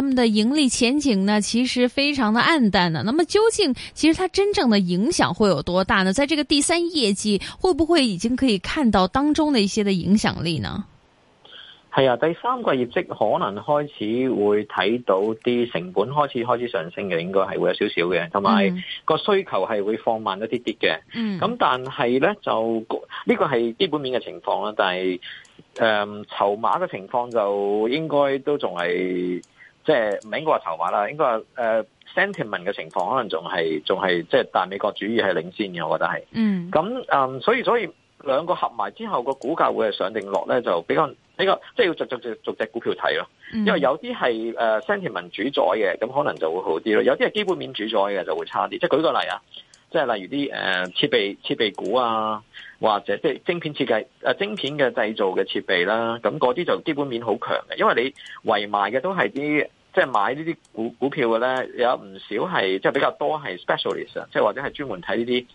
他們的盈利前景呢，其實非常的暗淡的。那麼究竟其實它真正的影響會有多大呢？在這個第三業績，會不會已經可以看到當中的一些的影響力呢？係啊，第三季業績可能開始會睇到啲成本開始開始上升嘅，應該係會有少少嘅，同埋個需求係會放慢一啲啲嘅。嗯，咁但係呢，就呢個係基本面嘅情況啦，但係誒籌碼嘅情況就應該都仲係。即係唔應該話籌碼啦，應該話誒 sentiment 嘅情況可能仲係仲係即係大美國主義係領先嘅，我覺得係、mm.。嗯。咁嗯，所以所以兩個合埋之後，個股價會係上定落咧，就比較比較即係，就是，要逐逐逐逐隻股票睇咯。因為有啲係誒 sentiment 主宰嘅，咁可能就會好啲咯。有啲係基本面主宰嘅就會差啲。即係舉個例啊，即係例如啲誒設備設備股啊，或者即係晶片設計誒晶片嘅製造嘅設備啦、啊，咁嗰啲就基本面好強嘅，因為你圍埋嘅都係啲。即係買呢啲股股票嘅咧，有唔少係即係比較多係 specialist 啊，即係或者係專門睇呢啲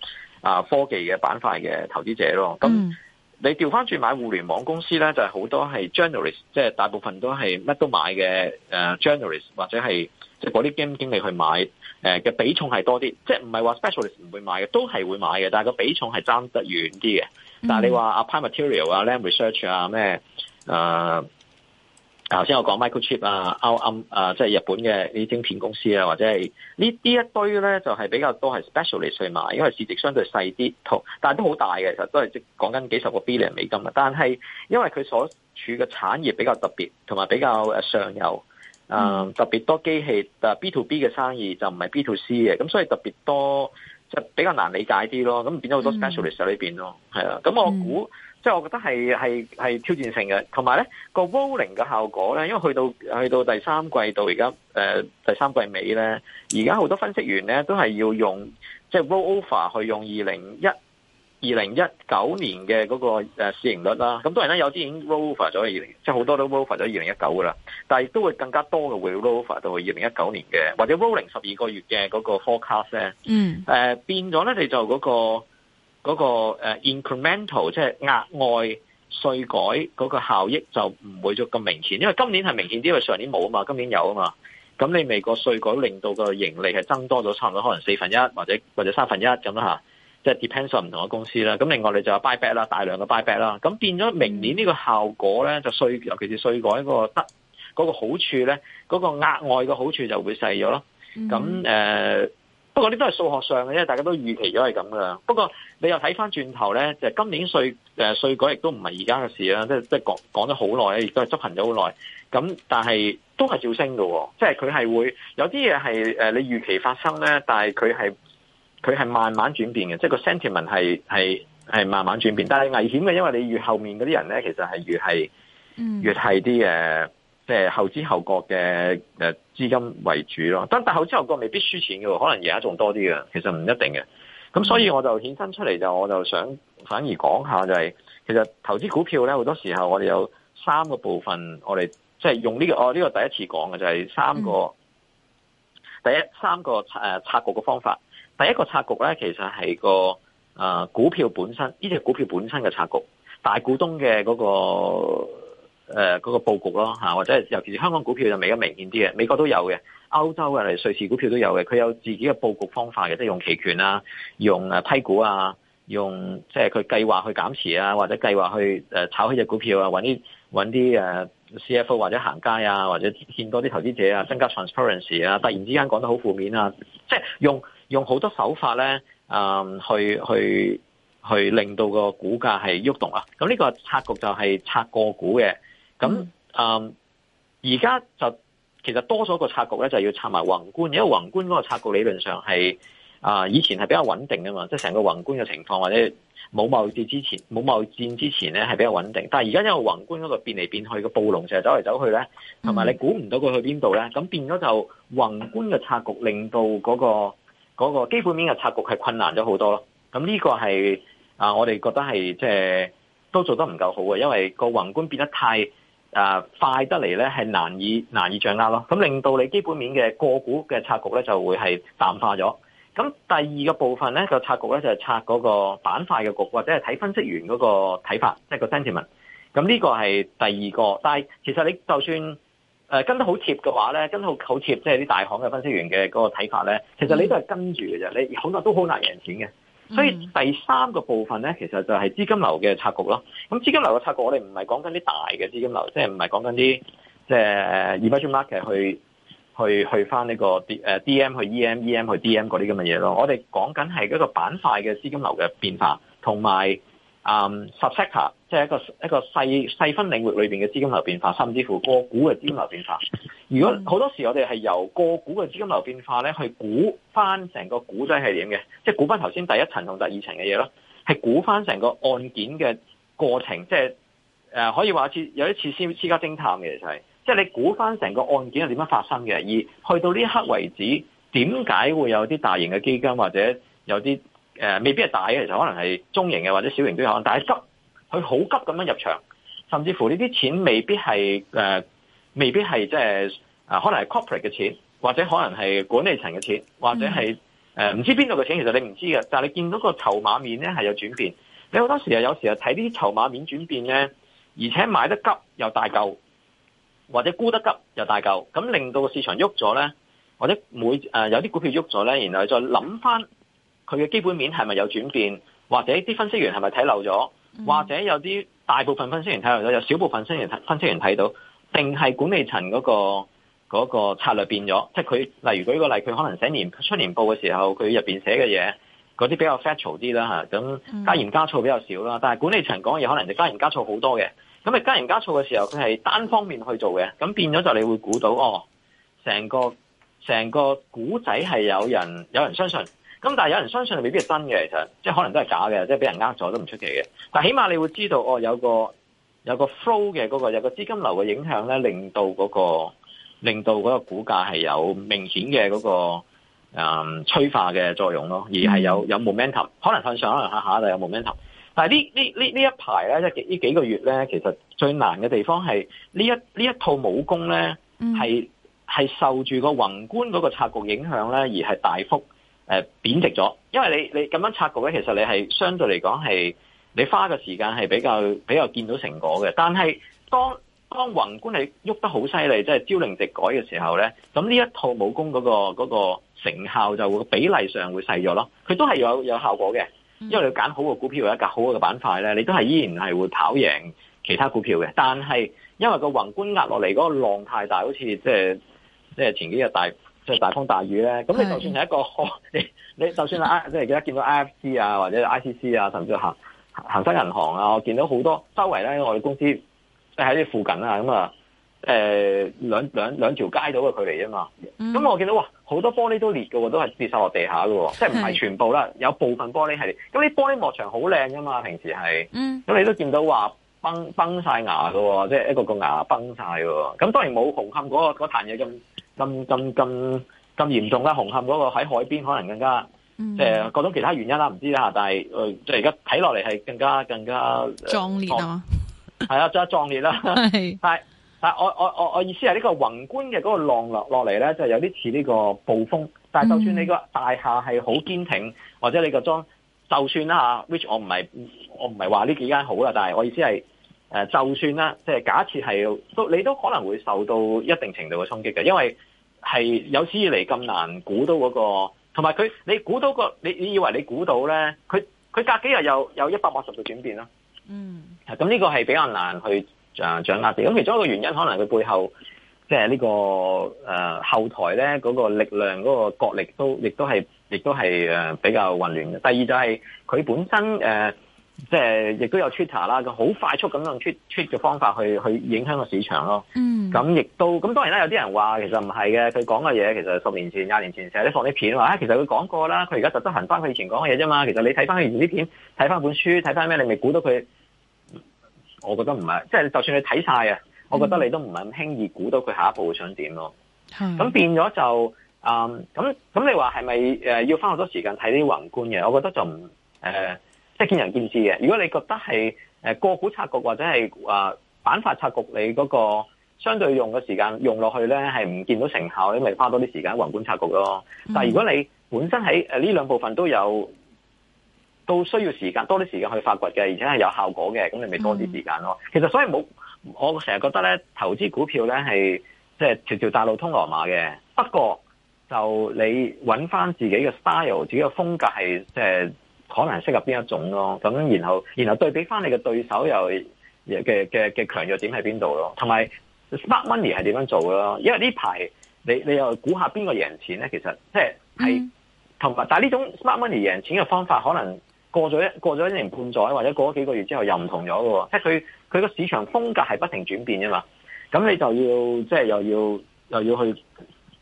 啊科技嘅板塊嘅投資者咯。咁你調翻轉買互聯網公司咧，就係、是、好多係 generalist，即係大部分都係乜都買嘅誒 generalist 或者係即係嗰啲基金經理去買誒嘅比重係多啲，即、就、係、是、唔係話 specialist 唔會買嘅，都係會買嘅，但係個比重係爭得遠啲嘅。但係你話 Applied material 啊，Lam research 啊，咩誒？頭先我講 Microchip 啊、o u t m 啊，即係日本嘅呢啲晶片公司啊，或者係呢啲一堆咧，就係比較多係 specialist 去買，因為市值相對細啲，同但都好大嘅，其實都係講緊幾十個 billion 美金啊。但係因為佢所處嘅產業比較特別，同埋比較上游，嗯，特別多機器，B to B 嘅生意就唔係 B to C 嘅，咁所以特別多即係、就是、比較難理解啲咯。咁變咗好多 specialist 喺呢邊咯，係啊。咁我估。即係我覺得係係係挑戰性嘅，同埋咧個 rolling 嘅效果咧，因為去到去到第三季度而家，誒、呃、第三季尾咧，而家好多分析員咧都係要用即係、就是、roll over 去用二零一二零一九年嘅嗰個誒市盈率啦。咁當然咧，有啲已經 roll over 咗二零，即係好多都 roll over 咗二零一九噶啦。但係亦都會更加多嘅會 roll over 到二零一九年嘅，或者 rolling 十二個月嘅嗰個 forecast。嗯，誒、呃、變咗咧，你就嗰、那個。嗰個 incremental 即係額外稅改嗰個效益就唔會再咁明顯，因為今年係明顯啲，因為上年冇啊嘛，今年有啊嘛。咁你美國稅改令到個盈利係增多咗差唔多，可能四分一或者或者三分一咁啦，即係、就是、depends on 唔同嘅公司啦。咁另外你就有 buyback 啦，大量嘅 buyback 啦。咁變咗明年呢個效果咧，就稅尤其是稅改嗰個得嗰、那個好處咧，嗰、那個額外嘅好處就會細咗咯。咁誒。Mm hmm. 不過呢都係數學上嘅，因為大家都預期咗係咁噶啦。不過你又睇翻轉頭咧，就係、今年稅誒稅改亦都唔係而家嘅事啦。即即係講講咗好耐，亦都係執行咗好耐。咁但係都係照升嘅，即係佢係會有啲嘢係誒，你預期發生咧，但係佢係佢係慢慢轉變嘅，即、就、係、係、個 sentiment 係係係慢慢轉變。但係危險嘅，因為你越後面嗰啲人咧，其實係越係越係啲誒。嗯即係後知後覺嘅資金為主咯，但但後知後覺未必輸錢嘅喎，可能而家仲多啲嘅，其實唔一定嘅。咁所以我就衍生出嚟就我就想反而講一下就係、是、其實投資股票咧，好多時候我哋有三個部分，我哋即係用呢、這個哦呢、這個第一次講嘅就係、是、三個、嗯、第一三個拆、呃、局嘅方法。第一個拆局咧，其實係個誒、呃、股票本身，呢隻股票本身嘅拆局，大股東嘅嗰、那個。誒嗰、呃嗰個佈局咯、吓、或者尤其是香港股票就比較明顯啲嘅，美國都有嘅，歐洲嘅嚟瑞士股票都有嘅，佢有自己嘅佈局方法嘅，即係用期權啊，用批股啊，用即係佢計劃去減持啊，或者計劃去炒起隻股票啊，搵啲搵啲誒 CFO 或者行街啊，或者見多啲投資者啊，增加 transparency 啊，突然之間講得好負面啊，即係用用好多手法咧、呃，去去去令到個股價係喐動，動啊，咁呢個策局就係策個股嘅。咁嗯，而家、嗯、就其實多咗個拆局咧，就要拆埋宏觀，因為宏觀嗰個拆局理論上係啊、呃，以前係比較穩定噶嘛，即係成個宏觀嘅情況或者武貿戰之前、武貿戰之前咧係比較穩定，但係而家因為宏觀嗰個變嚟變去嘅暴龍成日走嚟走去咧，同埋你估唔到佢去邊度咧，咁變咗就宏觀嘅拆局令到嗰、嗰個、嗰個基本面嘅拆局係困難咗好多咯。咁呢個係啊，我哋覺得係即係都做得唔夠好嘅，因為個宏觀變得太。啊，快得嚟咧，係難以難以掌握咯。咁令到你基本面嘅個股嘅拆局咧，就會係淡化咗。咁第二個部分咧，那個拆局咧就係拆嗰個板塊嘅局，或者係睇分析員嗰個睇法，即係個 sentiment。咁呢個係第二個，但係其實你就算誒跟得好貼嘅話咧，跟得好好貼，貼，即係啲大行嘅分析員嘅嗰個睇法咧，其實你都係跟住嘅啫。你可能都好難贏錢嘅。所以第三個部分咧，其實就係資金流嘅拆局咯。咁資金流嘅拆局，我哋唔係講緊啲大嘅資金流，即係唔係講緊啲即係 investment market 去去去翻呢個 D DM 去 EM EM 去 DM 嗰啲咁嘅嘢咯。我哋講緊係一個板塊嘅資金流嘅變化，同埋。嗯，subsector、um, 即係一個一個細,細分領域裏面嘅資金流變化，甚至乎個股嘅資金流變化。如果好多時我哋係由個股嘅資金流變化咧，去估翻成個股仔係點嘅，即係估翻頭先第一層同第二層嘅嘢咯，係估翻成個案件嘅過程，即係可以話有啲似私家偵探嘅就係，即係你估翻成個案件係點樣發生嘅，而去到呢一刻為止，點解會有啲大型嘅基金或者有啲。誒、呃，未必係大嘅，其實可能係中型嘅或者小型都有。但係急，佢好急咁樣入場，甚至乎呢啲錢未必係誒、呃，未必係即係可能係 corporate 嘅錢，或者可能係管理層嘅錢，或者係誒唔知邊度嘅錢。其實你唔知嘅，但係你見到個籌碼面咧係有轉變。你好多時候有時啊睇呢啲籌碼面轉變咧，而且買得急又大嚿，或者沽得急又大嚿，咁令到個市場喐咗咧，或者每誒、呃、有啲股票喐咗咧，然後再諗翻，佢嘅基本面係咪有轉變，或者啲分析員係咪睇漏咗，或者有啲大部分分析員睇漏咗，有少部分分析員分析員睇到，定係管理層嗰個嗰個策略變咗？即係佢例如舉個例，佢可能寫年出年報嘅時候，佢入邊寫嘅嘢嗰啲比較 factual 啲啦嚇，咁加鹽加醋比較少啦。但係管理層講嘢可能就加鹽加醋好多嘅。咁你加鹽加醋嘅時候，佢係單方面去做嘅，咁變咗就你會估到哦，成個成個故仔係有人有人相信。咁但係有人相信未必係真嘅，其實即係可能都係假嘅，即係俾人呃咗都唔出奇嘅。但係起碼你會知道，哦，有個有個 flow 嘅嗰個有個資金流嘅影響咧，令到嗰個令到嗰個股價係有明顯嘅嗰個、嗯、催化嘅作用咯，而係有有 momentum，可能向上，可能下下就有 momentum。但係呢呢呢呢一排咧，即係呢幾個月咧，其實最難嘅地方係呢一呢一套武功咧，係係、嗯、受住個宏觀嗰個格局影響咧，而係大幅。誒貶值咗，因為你你咁樣拆局咧，其實你係相對嚟講係你花嘅時間係比較比較見到成果嘅。但係當當宏觀你喐得好犀利，即係朝令夕改嘅時候咧，咁呢一套武功嗰個嗰個成效就會比例上會細咗咯。佢都係有有效果嘅，因為你揀好嘅股票或者揀好嘅板塊咧，你都係依然係會跑贏其他股票嘅。但係因為個宏觀壓落嚟嗰個浪太大，好似即係即係前幾日大。即係大風大雨咧，咁你就算係一個，你的 你就算 I，即係記得見到 IFC 啊，或者 ICC 啊，甚至恒恒生銀行啊，我見到好多周圍咧，我哋公司即喺啲附近啊，咁啊，誒、呃、兩兩兩條街度嘅距離啊嘛，咁我見到哇，好多玻璃都裂嘅喎，都係跌晒落地下㗎喎，即係唔係全部啦，的有部分玻璃係，咁啲玻璃幕牆好靚嘅嘛，平時係，咁你都見到話崩崩晒牙㗎喎，即、就、係、是、一個個牙崩晒嘅喎，咁當然冇紅磡嗰個嗰單嘢咁，咁咁咁咁嚴重啦！紅磡嗰個喺海邊，可能更加即誒、嗯呃、各種其他原因啦、啊，唔知啦，但係誒即係而家睇落嚟係更加更加壯烈啊！係、呃、 啊，仲有壯烈啦、啊 是！但係，我我我我意思係呢、呢個宏觀嘅嗰個浪落落嚟咧，就係有啲似呢個暴風，但係就算你個大廈係好堅挺，嗯、或者你個裝，就算啦吓，which 我唔係我唔係話呢幾間好啦，但係我意思係。誒，就算啦，即係假設係都，你都可能會受到一定程度嘅衝擊嘅，因為係有史以嚟咁難估到嗰、那個，同埋佢你估到、那個，你你以為你估到咧，佢佢隔幾日又有一百八十度轉變咯。嗯，咁呢個係比較難去啊掌握嘅。咁其中一個原因，可能佢背後即係呢個誒、呃、後台咧嗰、那個力量嗰個角力都亦都係亦都係誒比較混亂嘅。第二就係佢本身誒。呃即係亦都有 Twitter 啦，佢好快速咁樣 Twit Twit 嘅方法去去影響個市場咯。嗯，咁亦都咁當然啦，有啲人話其實唔係嘅，佢講嘅嘢其實十年前、廿年前成日都放啲片話啊，其實佢講過啦，佢而家就執行翻佢以前講嘅嘢啫嘛。其實你睇翻佢以前啲片，睇翻本書，睇翻咩，你咪估到佢。我覺得唔係，即係就算你睇晒啊，我覺得你都唔係咁輕易估到佢下一步會、mm. 想點咯。咁、mm. 變咗就啊，咁、嗯、咁你話係咪要花好多時間睇啲宏觀嘅？我覺得就唔即係見仁見智嘅。如果你覺得係誒個股策局或者係板塊策局，你嗰個相對用嘅時間用落去咧係唔見到成效，你咪花多啲時間宏觀察局咯。嗯、但係如果你本身喺呢兩部分都有，都需要時間多啲時間去發掘嘅，而且係有效果嘅，咁你咪多啲時間咯。嗯、其實所以冇，我成日覺得咧，投資股票咧係即係條條大路通羅馬嘅。不過就你揾翻自己嘅 style，自己嘅風格係即係。可能適合邊一種咯、啊，咁然後然後對比翻你嘅對手又嘅嘅嘅強弱點喺邊度咯，同埋 smart money 係點樣做嘅咯、啊？因為呢排你你又估下邊個贏錢咧，其實即係係同埋，但係呢種 smart money 贏錢嘅方法可能過咗一過咗一年半載，或者過咗幾個月之後又唔同咗嘅喎，即係佢佢個市場風格係不停轉變啊嘛，咁你就要即係、就是、又要又要去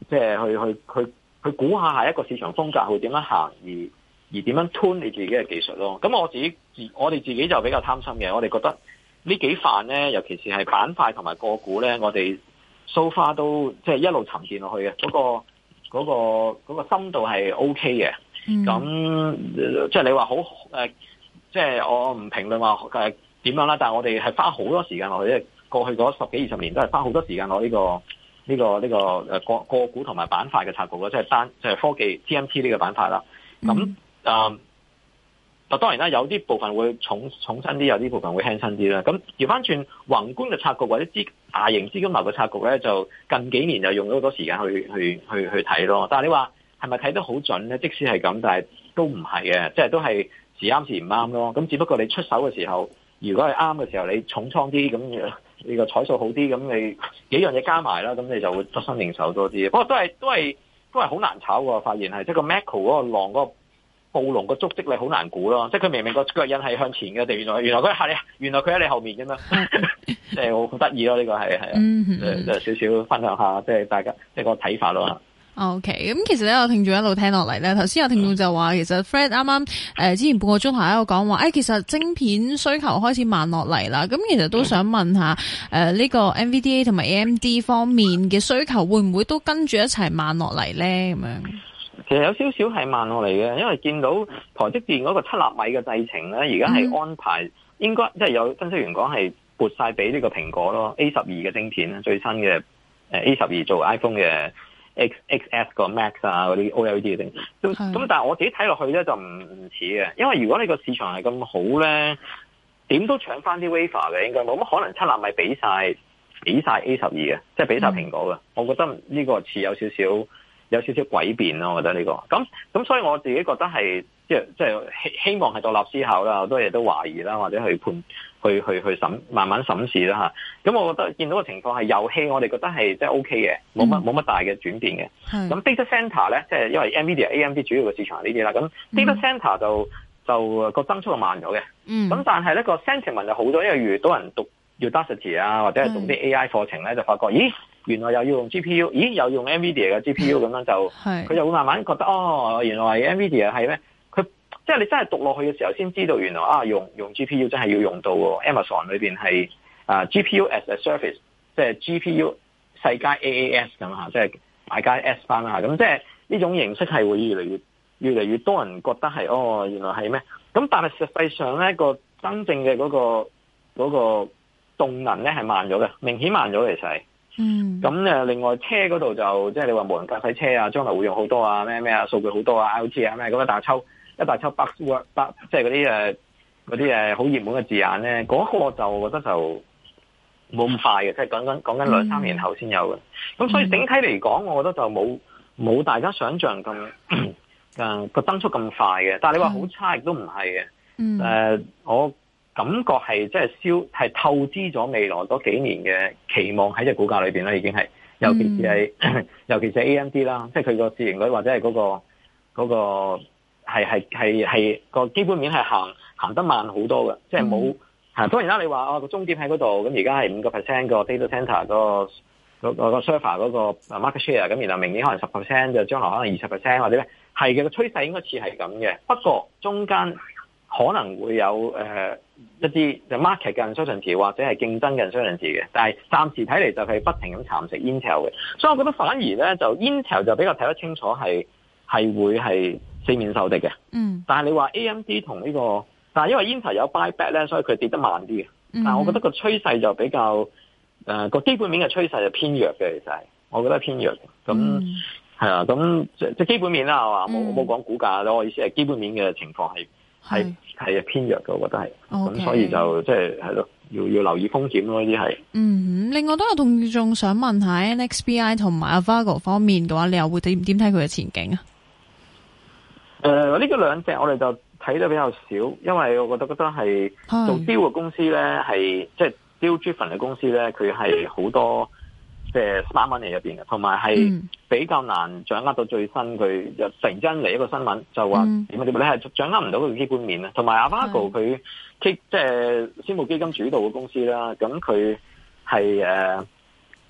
即係、就是、去去去去估下下一個市場風格會點樣行而。而點樣推你自己嘅技術咯？咁我自己，我哋自己就比較貪心嘅。我哋覺得這幾呢幾範咧，尤其是係板塊同埋個股咧，我哋 so far 都即係、就是、一路沉澱落去嘅，嗰、那個嗰、那個那個、深度係 O K 嘅。咁即係你話好誒，即係、呃、我唔評論話誒點樣啦。但係我哋係花好多時間落去即嘅。過去嗰十幾二十年都係花好多時間落呢個呢、這個呢、這個誒個個股同埋板塊嘅策略咯，即、就、係、是、單即係、就是、科技 TMT 呢個板塊啦。咁、嗯嗯，嗱，當然啦，有啲部分會重重身啲，有啲部分會輕身啲啦。咁調翻轉宏觀嘅格局或者資大型資金流嘅格局咧，就近幾年就用咗好多時間去去去去睇咯。但係你話係咪睇得好準咧？即使係咁，但係都唔係嘅，即係都係時啱時唔啱咯。咁只不過你出手嘅時候，如果係啱嘅時候，你重倉啲，咁你個彩數好啲，咁你幾樣嘢加埋啦，咁你就會得心應手多啲。不過都係都係都係好難炒喎，發現係即係個 macro 嗰、嗰個浪嗰個。暴龍個足跡你好難估咯，即係佢明明個腳印係向前嘅，地原來原來佢係原來佢喺你後面咁嘛，即係好得意咯，呢個係係啊，是 就就少少分享下，即係大家，即係個睇法咯。OK，咁其實咧，我聽眾一路聽落嚟咧，頭先有聽眾就話，嗯、其實 Fred 啱啱誒之前半個鐘頭喺度講話，誒、哎、其實晶片需求開始慢落嚟啦。咁其實都想問下誒呢、嗯呃呢個 NVDA 同埋 AMD 方面嘅需求會唔會都跟住一齊慢落嚟咧？咁樣。其實有少少係慢落嚟嘅，因為見到台積電嗰個七納米嘅製程咧，而家係安排，mm hmm. 應該即係有分析員講係撥晒俾呢個蘋果咯，A 十二嘅晶片咧，最新嘅誒、呃、A 十二做 iPhone 嘅 X X S 個 Max 啊嗰啲 O L E D 嘅晶片。咁、mm hmm. 但係我自己睇落去咧就唔唔似嘅，因為如果你個市場係咁好咧，點都搶翻啲 Wafer 嘅應該，冇乜可能七納米俾晒俾晒 A 十二嘅，即係俾晒蘋果嘅。Mm hmm. 我覺得呢個似有少少。有少少詭辯咯，我覺得呢、這個咁咁，所以我自己覺得係即係即係希希望係獨立思考啦，好多嘢都懷疑啦，或者去判去去去審慢慢審視啦嚇。咁、啊、我覺得見到個情況係遊戲，我哋覺得係即係 OK 嘅，冇乜冇乜大嘅轉變嘅。咁是 data center 咧，即係因為 NVIDIA、AMD 主要嘅市場呢啲啦。咁 data center 就、嗯、就個增速就慢咗嘅。咁、嗯、但係咧個 sentiment 就好咗，因為越多人讀 Udacity 啊，或者係讀啲 AI 課程咧，是就發覺咦。原來又要用 G P U，已經又用 N V I D I A 嘅 G P U，咁樣就佢就會慢慢覺得哦，原來 N V I D I A 係咩？佢即係你真係讀落去嘅時候，先知道原來啊，用用 G P U 真係要用到 Amazon 裏邊係啊 G P U as a s u r f a c e 即係 G P U 世界 A A S 咁嚇，即係大家 S 翻嚇。咁即係呢種形式係會越嚟越越嚟越多人覺得係哦，原來係咩？咁但係實際上咧，個真正嘅嗰個嗰個動能咧係慢咗嘅，明顯慢咗嚟曬。其實嗯，咁誒，另外車嗰度就即係、就是、你話無人駕駛車啊，將來會用好多啊，咩咩啊，數據好多啊 IOT 啊，咩咁一大抽一大抽 buzzword 即係嗰啲誒嗰啲誒好熱門嘅字眼咧，嗰、嗰個就覺得就冇咁快嘅，嗯、即係講緊講緊兩三年後先有嘅。咁所以整體嚟講，我覺得就冇冇大家想象咁誒個增速咁快嘅。但係你話好差亦都唔係嘅。誒、嗯呃，我。感覺係即係燒係透支咗未來嗰幾年嘅期望喺隻股價裏邊咧，已經係尤其是係、mm. 尤其是 AMD 啦，即係佢個市盈率或者係嗰、嗰個嗰、嗰個係係係個基本面係行行得慢好多嘅，即係冇嚇。Mm. 當然啦，你話哦中在現在是5的、那個終點喺嗰度，咁而家係五個 percent 個 data centre 個個個 server 嗰個 market share，咁然後明年可能十 percent，就將來可能二十 percent 或者咩，係嘅個趨勢應該似係咁嘅。不過中間。可能會有誒一啲就 market 嘅 sharings 或者係競爭嘅 sharings 嘅，但係暫時睇嚟就係不停咁蠶食 Intel 嘅，所以我覺得反而咧就 Intel 就比較睇得清楚係係會係四面受敵嘅。嗯，但係你話 AMD 同呢、呢個，但係因為 Intel 有 buy back 咧，所以佢跌得慢啲嘅。但係我覺得個趨勢就比較誒個、呃、基本面嘅趨勢就偏弱嘅，其實係，我覺得偏弱。咁係啊，咁即即基本面啦，係嘛？冇冇講股價，我意思係基本面嘅情況係。係係啊，是是偏弱嘅，我覺得係，咁 Okay. 所以就即係係咯，要要留意風險咯，呢啲係。嗯，另外都有同仲想問一下 NXBI 同埋 Avago 方面嘅話，你又會點點睇佢嘅前景啊？誒、呃，呢個兩隻我哋就睇得比較少，因為我覺得覺得係做標嘅公司咧，係即係 f 豬 n 嘅公司咧，佢係好多。即係新聞喺入邊嘅，同埋係比較難掌握到最新佢、嗯、成真嚟一個新聞，就話點解你係掌握唔到佢基本面咧？同埋 Avago 佢即係私募基金主導嘅公司啦，咁佢係誒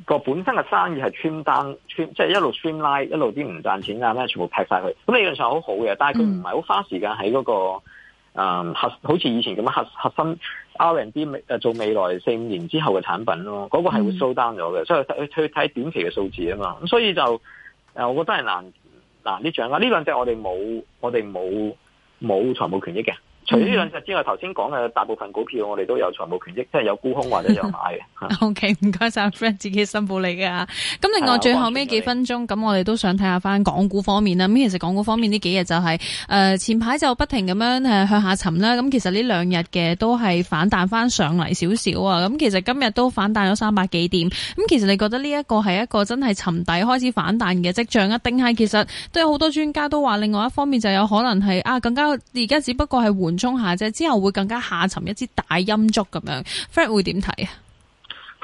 個本身嘅生意係穿單穿，即係一路穿拉一路啲唔賺錢啊，咩全，全部劈晒佢。咁理論上好好嘅，但係佢唔係好花時間喺嗰、那個。嗯誒、核、嗯、好似以前咁樣，核核心 R&D 誒，做未來四五年之後嘅產品咯，嗰、那個係會 slow down 咗嘅，所以去去睇短期嘅數字啊嘛，咁所以就誒，我覺得係難難啲掌握呢兩隻，我哋冇我哋冇冇財務權益嘅。除呢兩隻之外，頭先講嘅大部分股票，我哋都有財務權益，即係有沽空或者有買嘅。OK，唔該晒，Frank 自己辛苦你嘅，咁另外最後尾 心的 幾分鐘，咁你我哋都想睇下翻港股方面啦。咁其實港股方面呢幾日就係、是、誒、呃、前排就不停咁樣誒向下沉啦。咁其實呢兩日嘅都係反彈翻上嚟少少啊。咁其實今日都反彈咗三百幾點。咁其實你覺得呢一個係一個真係沉底開始反彈嘅跡象？一定係其實都有好多專家都話，另外一方面就有可能係啊更加而家只不過係緩。沖下啫，之後會更加下沉一支大陰燭咁樣，Frank 會點睇啊？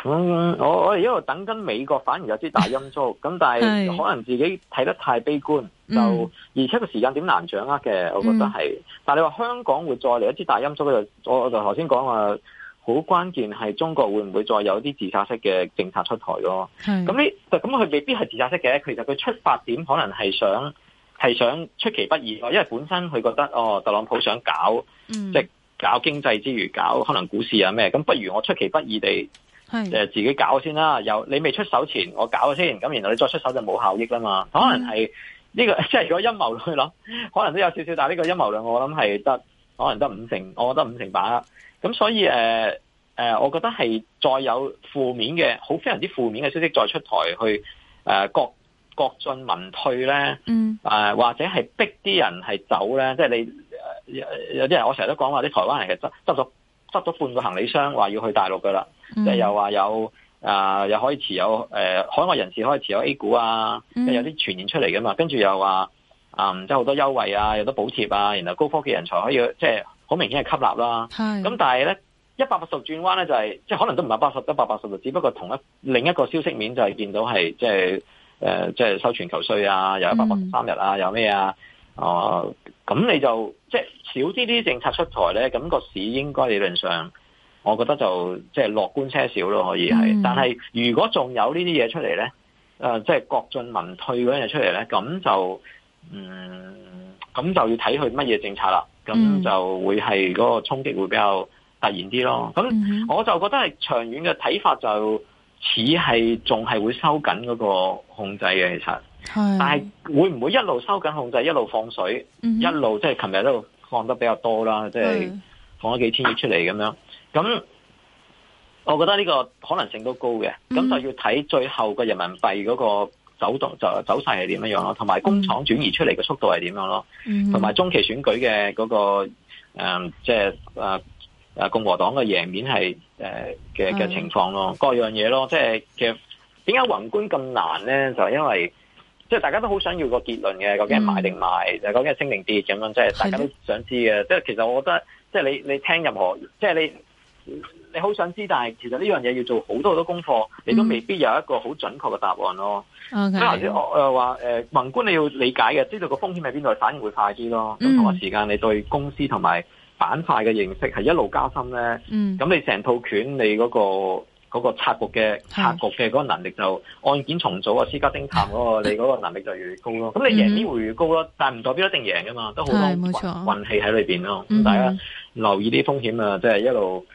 嗯，我我喺度等緊美國反而有支大陰燭，咁 但係可能自己睇得太悲觀，嗯、就而且個時間點難掌握嘅，我覺得係。嗯、但係你話香港會再嚟一支大陰燭，我就我我就頭先講話，好關鍵係中國會唔會再有啲自殺式嘅政策出台咯？咁呢咁佢未必係自殺式嘅，其實佢出發點可能係想。係想出其不意，因為本身佢覺得哦，特朗普想搞，嗯、即係搞經濟之餘，搞可能股市啊咩，咁不如我出其不意地，自己搞先啦是。你未出手前，我先搞先，咁然後你再出手就冇效益啦嘛。可能係呢、這個，即係、嗯、 如果陰謀論咯，可能都有少少，但係呢個陰謀論我諗係得，可能得五成，我覺得五成把握。咁所以誒誒、呃呃，我覺得係再有負面嘅，好非常之負面嘅消息再出台去誒、呃國進民退咧，嗯、或者係逼啲人係走咧，即、就、係、是、你有有啲人我常，我成日都講話啲台灣人其實執咗到執到半個行李箱，話要去大陸噶啦。即係、嗯、又話有、呃、又可以持有、呃、海外人士可以持有 A 股啊。嗯、又有啲傳言出嚟㗎嘛，跟住又話啊，即係好多優惠啊，有得補貼啊，然後高科技人才可以即係好明顯係吸納啦。咁是但係咧一百八十轉彎咧、就是，就係即係可能都唔係八十，一百八十度，只不過同一另一個消息面就係見到係即係。就是誒，即係、呃就是、收全球稅啊，又一百百三日啊，嗯、又咩啊？哦、呃，咁你就即係、就是、少啲啲政策出台咧，咁、那個市應該理論上，我覺得就即係樂觀些少咯，可以係。嗯、但係如果仲有呢啲嘢出嚟咧，即、呃、係、就是、國進民退嗰樣嘢出嚟咧，咁就嗯，咁就要睇佢乜嘢政策啦。咁就會係嗰個衝擊會比較突然啲咯。咁我就覺得係長遠嘅睇法就。似係仲係會收緊嗰個控制嘅，其實，是但係會唔會一路收緊控制，一路放水，嗯、哼一路即係琴日都放得比較多啦，即、就、係、是、放咗幾千億出嚟，咁樣，咁是我覺得呢個可能性都高嘅，咁就要睇最後個人民幣嗰個走動就、嗯、哼走勢係點樣咯，同埋工廠轉移出嚟嘅速度係點樣咯，同埋、嗯、哼中期選舉嘅嗰、那個誒、即、呃、係、就是呃啊，共和黨嘅贏面係誒嘅嘅情況咯，的各樣嘢咯，即係其實點解宏觀咁難咧？就係因為即係大家都好想要個結論嘅，究竟係買定賣，就、嗯、究竟係升定跌咁樣，即係大家都想知嘅。的即係其實我覺得，即係你你聽任何，即係你你好想知道，但係其實呢樣嘢要做好多好多功課，你都未必有一個好準確嘅答案咯。咁頭先我又話誒，宏觀你要理解嘅，知道個風險喺邊度，反應會快啲咯。嗯、同埋時間，你對公司同埋。板塊嘅形式係一路加深咧，咁、嗯、你成套拳，你嗰個、嗰個策局嘅策局嘅嗰個能力就案件重組啊、私家偵探嗰個、啊、你嗰個能力就越高咯，咁、嗯、你贏面會越高咯，但唔代表一定贏噶嘛，都好多運氣喺裏面咯，大家留意啲風險啊，即係、嗯、一路。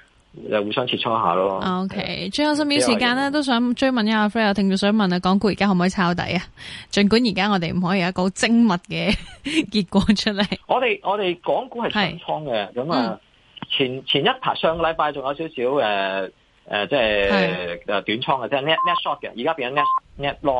就互相切磋一下咯。O、okay, K，最後十秒時間咧，樣都想追問一下 Freddie，聽眾想問啊，港股而家可唔可以抄底啊？盡管而家我哋唔可以有一個精密嘅結果出嚟。我哋我哋港股係長倉嘅，咁是啊，嗯、前前一排上個禮拜仲有少少誒誒，即係誒短倉嘅，即係是 net net short 嘅，而家變咗 net net long。